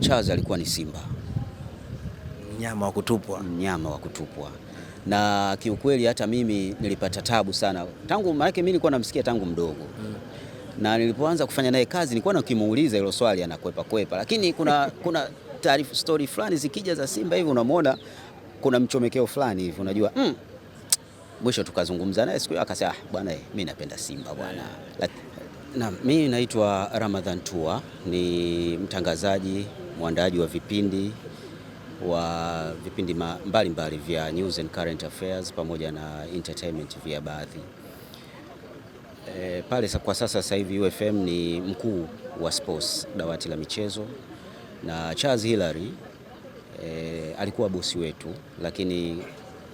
Chaza alikuwa ni simba, mnyama wa kutupwa, mnyama wa kutupwa. Na kiukweli hata mimi nilipata tabu sana tangu, maana mimi nilikuwa namsikia tangu mdogo mm. na nilipoanza kufanya naye kazi nilikuwa nakimuuliza hilo swali, anakwepa kwepa, lakini kuna kuna taarifa story fulani zikija za simba hivi, unamwona kuna mchomekeo fulani hivi, unajua mm. Mwisho tukazungumza naye siku hiyo, akasema ah, bwana eh, mimi napenda simba bwana. Eh. Na, mimi naitwa Ramadhan Tua, ni mtangazaji mwandaaji wa vipindi wa vipindi mbalimbali mbali vya news and current affairs pamoja na entertainment vya baadhi e, pale kwa sasa. Sasa hivi UFM ni mkuu wa sports, dawati la michezo, na Charles Hilary e, alikuwa bosi wetu, lakini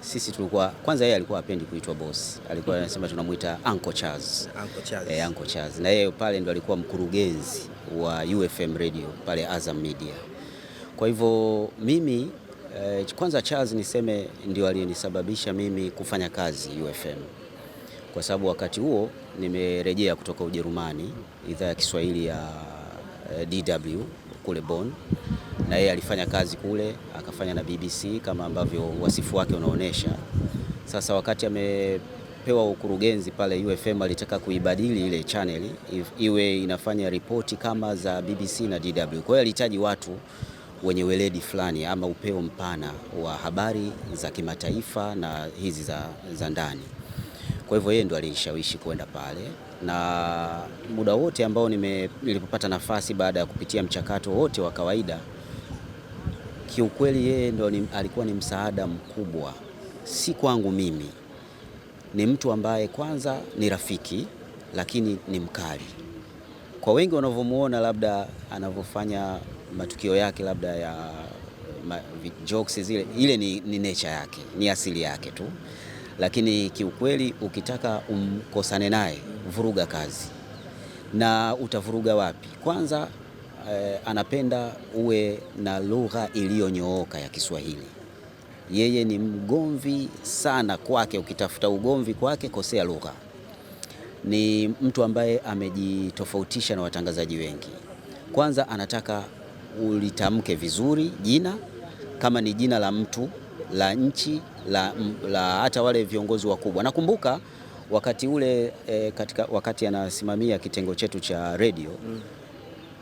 sisi tulikuwa kwanza, yeye alikuwa apendi kuitwa boss, alikuwa anasema tunamuita Uncle Charles, Uncle Charles. E, Uncle Charles na yeye pale ndo alikuwa mkurugenzi wa UFM Radio pale Azam Media. Kwa hivyo mimi eh, kwanza Charles niseme ndio aliyenisababisha mimi kufanya kazi UFM, kwa sababu wakati huo nimerejea kutoka Ujerumani, idhaa ya Kiswahili ya eh, DW kule Bonn, na yeye alifanya kazi kule akafanya na BBC kama ambavyo wasifu wake unaonesha. Sasa wakati ame alipewa ukurugenzi pale UFM alitaka kuibadili ile channel iwe inafanya ripoti kama za BBC na DW. Kwa hiyo alihitaji watu wenye weledi fulani ama upeo mpana wa habari za kimataifa na hizi za, za ndani. Kwa hivyo yeye ndo alishawishi kwenda pale, na muda wote ambao nime, nilipopata nafasi baada ya kupitia mchakato wote wa kawaida, kiukweli yeye ndo alikuwa ni msaada mkubwa, si kwangu mimi ni mtu ambaye kwanza ni rafiki, lakini ni mkali. Kwa wengi wanavyomuona, labda anavyofanya matukio yake labda ya ma, jokes zile, ile ni, ni nature yake, ni asili yake tu, lakini kiukweli ukitaka umkosane naye, vuruga kazi. Na utavuruga wapi? Kwanza eh, anapenda uwe na lugha iliyonyooka ya Kiswahili yeye ni mgomvi sana kwake. Ukitafuta ugomvi kwake, kosea lugha. Ni mtu ambaye amejitofautisha na watangazaji wengi. Kwanza anataka ulitamke vizuri jina, kama ni jina la mtu, la nchi, la, la hata wale viongozi wakubwa. Nakumbuka wakati ule e, katika, wakati anasimamia kitengo chetu cha redio mm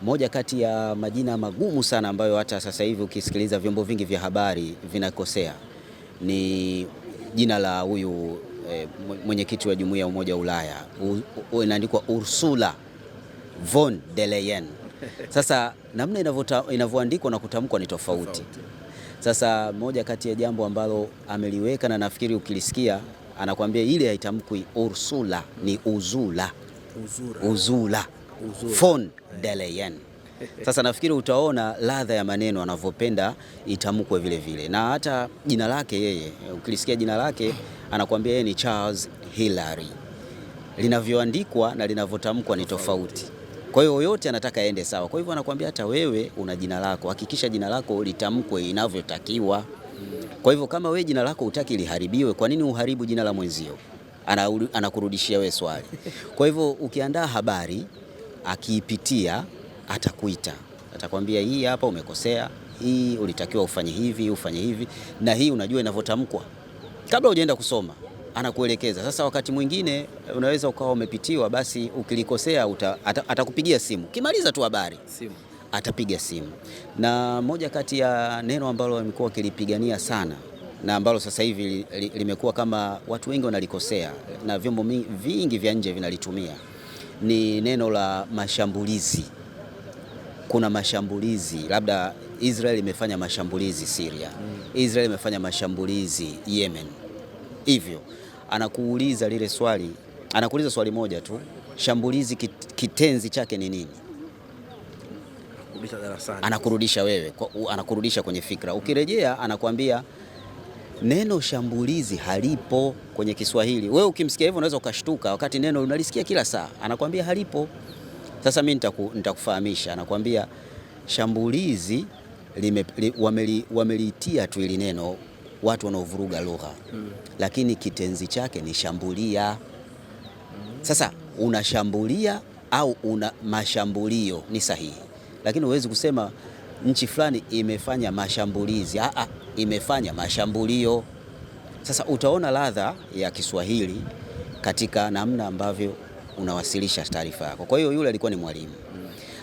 moja kati ya majina magumu sana ambayo hata sasa hivi ukisikiliza vyombo vingi vya habari vinakosea ni jina la huyu e, mwenyekiti wa Jumuiya ya Umoja wa Ulaya inaandikwa Ursula von der Leyen. Sasa namna inavyoandikwa na kutamkwa ni tofauti. Sasa moja kati ya jambo ambalo ameliweka na nafikiri ukilisikia anakuambia ile haitamkwi Ursula ni uzula, uzura, uzula. Fon Deleyen. Sasa nafikiri utaona ladha ya maneno anavyopenda itamkwe vile vile, na hata jina lake yeye, ukilisikia jina lake anakuambia yeye ni Charles Hillary. Linavyoandikwa na linavyotamkwa ni tofauti. Kwa hiyo yote anataka aende sawa. Kwa hivyo anakuambia hata wewe una jina lako, hakikisha jina lako litamkwe inavyotakiwa. Kwa hivyo kama wewe jina lako utaki liharibiwe, kwa nini uharibu jina la mwenzio? Anakurudishia wewe swali. Kwa hivyo ukiandaa habari akiipitia atakuita, atakwambia hii hapa umekosea, hii ulitakiwa ufanye hivi, ufanye hivi na hii, unajua inavyotamkwa kabla hujaenda kusoma anakuelekeza. Sasa wakati mwingine unaweza ukawa umepitiwa, basi ukilikosea atakupigia ata simu, kimaliza tu habari simu atapiga simu. Na moja kati ya neno ambalo amekuwa akilipigania sana na ambalo sasa hivi limekuwa kama watu wengi wanalikosea na vyombo vingi vya nje vinalitumia ni neno la mashambulizi. Kuna mashambulizi, labda Israel imefanya mashambulizi Syria, mm. Israel imefanya mashambulizi Yemen. Hivyo anakuuliza lile swali, anakuuliza swali moja tu, shambulizi kitenzi chake ni nini? Anakurudisha wewe, anakurudisha kwenye fikra. Ukirejea anakuambia neno shambulizi halipo kwenye Kiswahili. Wewe ukimsikia hivyo unaweza ukashtuka, wakati neno unalisikia kila saa. Anakwambia halipo. Sasa mimi nitaku, nitakufahamisha. anakuambia shambulizi li, wameli tu ili neno watu wanaovuruga lugha mm. Lakini kitenzi chake ni shambulia Sasa unashambulia au una mashambulio ni sahihi, lakini huwezi kusema nchi fulani imefanya mashambulizi aa, imefanya mashambulio. Sasa utaona ladha ya Kiswahili katika namna ambavyo unawasilisha taarifa yako. Kwa hiyo yule alikuwa ni mwalimu,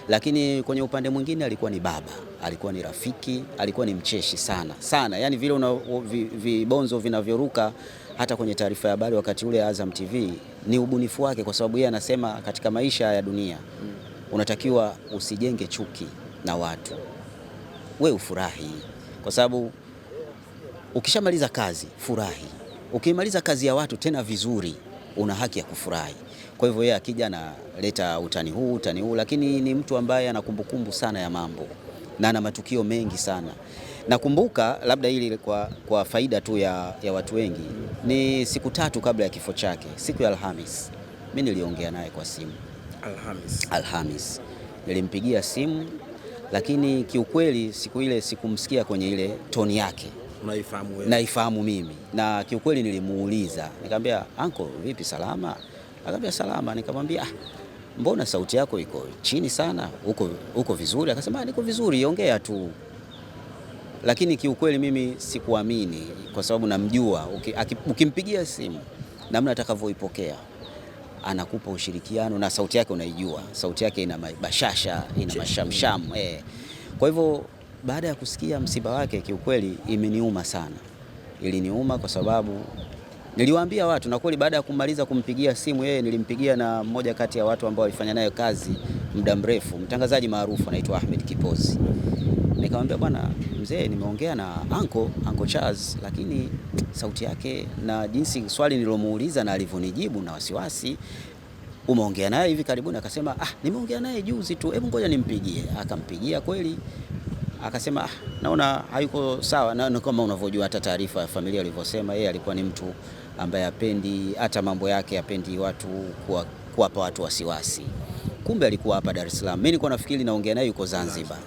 lakini kwenye upande mwingine alikuwa ni baba, alikuwa ni rafiki, alikuwa ni mcheshi sana sana, yani vile una vibonzo vi vinavyoruka hata kwenye taarifa ya habari wakati ule Azam TV ni ubunifu wake, kwa sababu yeye anasema katika maisha ya dunia unatakiwa usijenge chuki na watu we ufurahi, kwa sababu ukishamaliza kazi furahi. Ukimaliza kazi ya watu tena vizuri, una haki ya kufurahi. Kwa hivyo yeye akija analeta utani huu utani huu, lakini ni mtu ambaye ana kumbukumbu sana ya mambo na ana matukio mengi sana. Nakumbuka labda hili kwa, kwa faida tu ya, ya watu wengi, ni siku tatu kabla ya kifo chake, siku ya Alhamis, mimi niliongea naye kwa simu Alhamis. Alhamis nilimpigia simu lakini kiukweli siku ile sikumsikia kwenye ile toni yake. Unaifahamu wewe? Naifahamu mimi, na kiukweli nilimuuliza nikamwambia, anko vipi, salama? Akamwambia salama. Nikamwambia, ah, mbona sauti yako iko chini sana, uko, uko vizuri? Akasema ah, niko vizuri, ongea tu. Lakini kiukweli mimi sikuamini kwa sababu namjua, ukimpigia simu namna atakavyoipokea anakupa ushirikiano na sauti yake unaijua, sauti yake ina bashasha, ina mashamsham e. Kwa hivyo baada ya kusikia msiba wake, kiukweli imeniuma sana, iliniuma kwa sababu niliwaambia watu na kweli, baada ya kumaliza kumpigia simu yeye, nilimpigia na mmoja kati ya watu ambao walifanya naye kazi muda mrefu, mtangazaji maarufu anaitwa Ahmed Kipozi nikamwambia bwana mzee, nimeongea na anko anko Charles, lakini sauti yake na jinsi swali nilomuuliza na alivyonijibu na wasiwasi umeongea naye hivi karibuni? Akasema ah, nimeongea naye juzi tu, hebu ngoja nimpigie. Akampigia kweli, akasema ah, naona hayuko sawa, na kama unavyojua hata taarifa ya familia alivyosema, yeye alikuwa ni mtu ambaye apendi hata mambo yake, apendi watu kuwapa watu wasiwasi. Kumbe alikuwa hapa Dar es Salaam. Mimi nilikuwa nafikiri naongea naye yuko Zanzibar.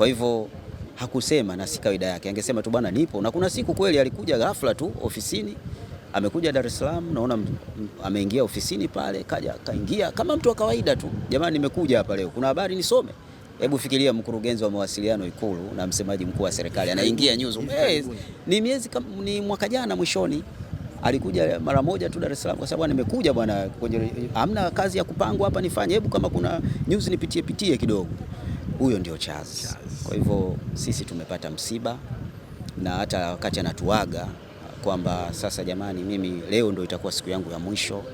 Kwa hivyo hakusema na si kawaida yake, angesema tu bwana, nipo. Na kuna siku kweli alikuja ghafla tu ofisini, amekuja Dar es Salaam, naona ameingia ofisini pale, kaja kaingia kama mtu wa kawaida tu, jamani, nimekuja hapa leo, kuna habari nisome. Hebu fikiria mkurugenzi wa mawasiliano Ikulu na msemaji mkuu wa serikali anaingia news. Eh, hey, ni miezi ni mwaka jana mwishoni alikuja mara moja tu Dar es Salaam kwa sababu nimekuja bwana, kwenye hamna kazi ya kupangwa hapa nifanye, hebu kama kuna news nipitie pitie kidogo huyo ndio chaz Kwa hivyo sisi tumepata msiba, na hata wakati anatuaga kwamba sasa jamani, mimi leo ndio itakuwa siku yangu ya mwisho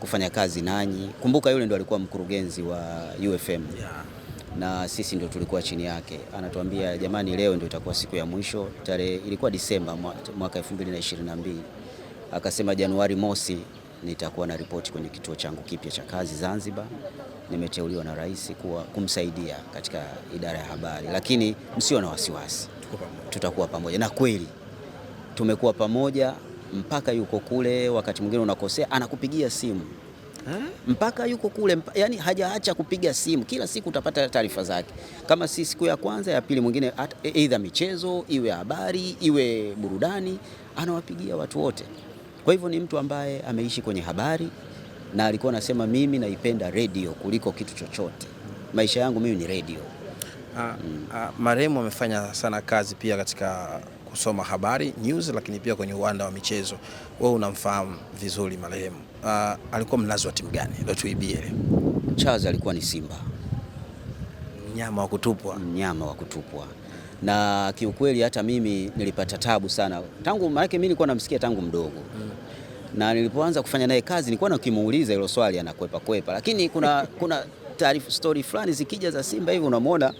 kufanya kazi nanyi. Kumbuka yule ndo alikuwa mkurugenzi wa UFM na sisi ndio tulikuwa chini yake, anatuambia jamani, leo ndo itakuwa siku ya mwisho. Tarehe ilikuwa Disemba mwaka 2022 akasema Januari mosi nitakuwa na ripoti kwenye kituo changu kipya cha kazi Zanzibar. Nimeteuliwa na rais kuwa kumsaidia katika idara ya habari, lakini msio na wasiwasi, tutakuwa pamoja. Na kweli tumekuwa pamoja mpaka yuko kule, wakati mwingine unakosea, anakupigia simu mpaka yuko kule mpa, yani hajaacha kupiga simu. Kila siku utapata taarifa zake, kama si siku ya kwanza ya pili, mwingine aidha e, michezo iwe habari iwe burudani, anawapigia watu wote. Kwa hivyo ni mtu ambaye ameishi kwenye habari na alikuwa anasema mimi naipenda redio kuliko kitu chochote, maisha yangu mimi ni redio. Ah, mm. Ah, marehemu amefanya sana kazi pia katika kusoma habari news, lakini pia kwenye uwanda wa michezo. Wewe unamfahamu vizuri marehemu. Ah, alikuwa mlazi wa timu gani? Ndio tuibie ile. Charles alikuwa ni Simba, mnyama wa kutupwa, mnyama wa kutupwa na kiukweli hata mimi nilipata tabu sana tangu, maana mimi nilikuwa namsikia tangu mdogo mm. na nilipoanza kufanya naye kazi nilikuwa nakimuuliza hilo swali anakwepa kwepa, lakini kuna kuna taarifa story fulani zikija za Simba hivi unamwona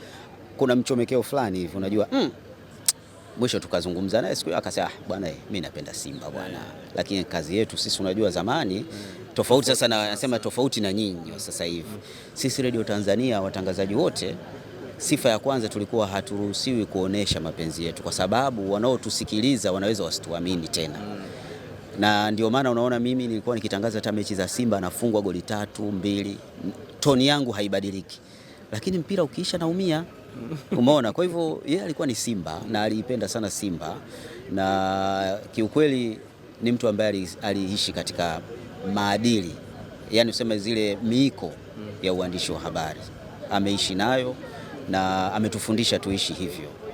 kuna mchomekeo fulani hivi unajua mm. Mwisho tukazungumza naye siku hiyo akasema, ah, bwana eh, mimi napenda Simba bwana, mm. lakini kazi yetu sisi unajua zamani mm. tofauti sasa, anasema tofauti na nyinyi sasa hivi. Sisi Radio Tanzania watangazaji wote Sifa ya kwanza tulikuwa haturuhusiwi kuonesha mapenzi yetu, kwa sababu wanaotusikiliza wanaweza wasituamini tena hmm. na ndio maana unaona mimi nilikuwa nikitangaza hata mechi za Simba nafungwa goli tatu mbili, toni yangu haibadiliki, lakini mpira ukiisha naumia umeona. Kwa hivyo yeye alikuwa ni Simba na aliipenda sana Simba, na kiukweli ni mtu ambaye aliishi katika maadili, yani useme zile miiko hmm. ya uandishi wa habari ameishi nayo na ametufundisha tuishi hivyo.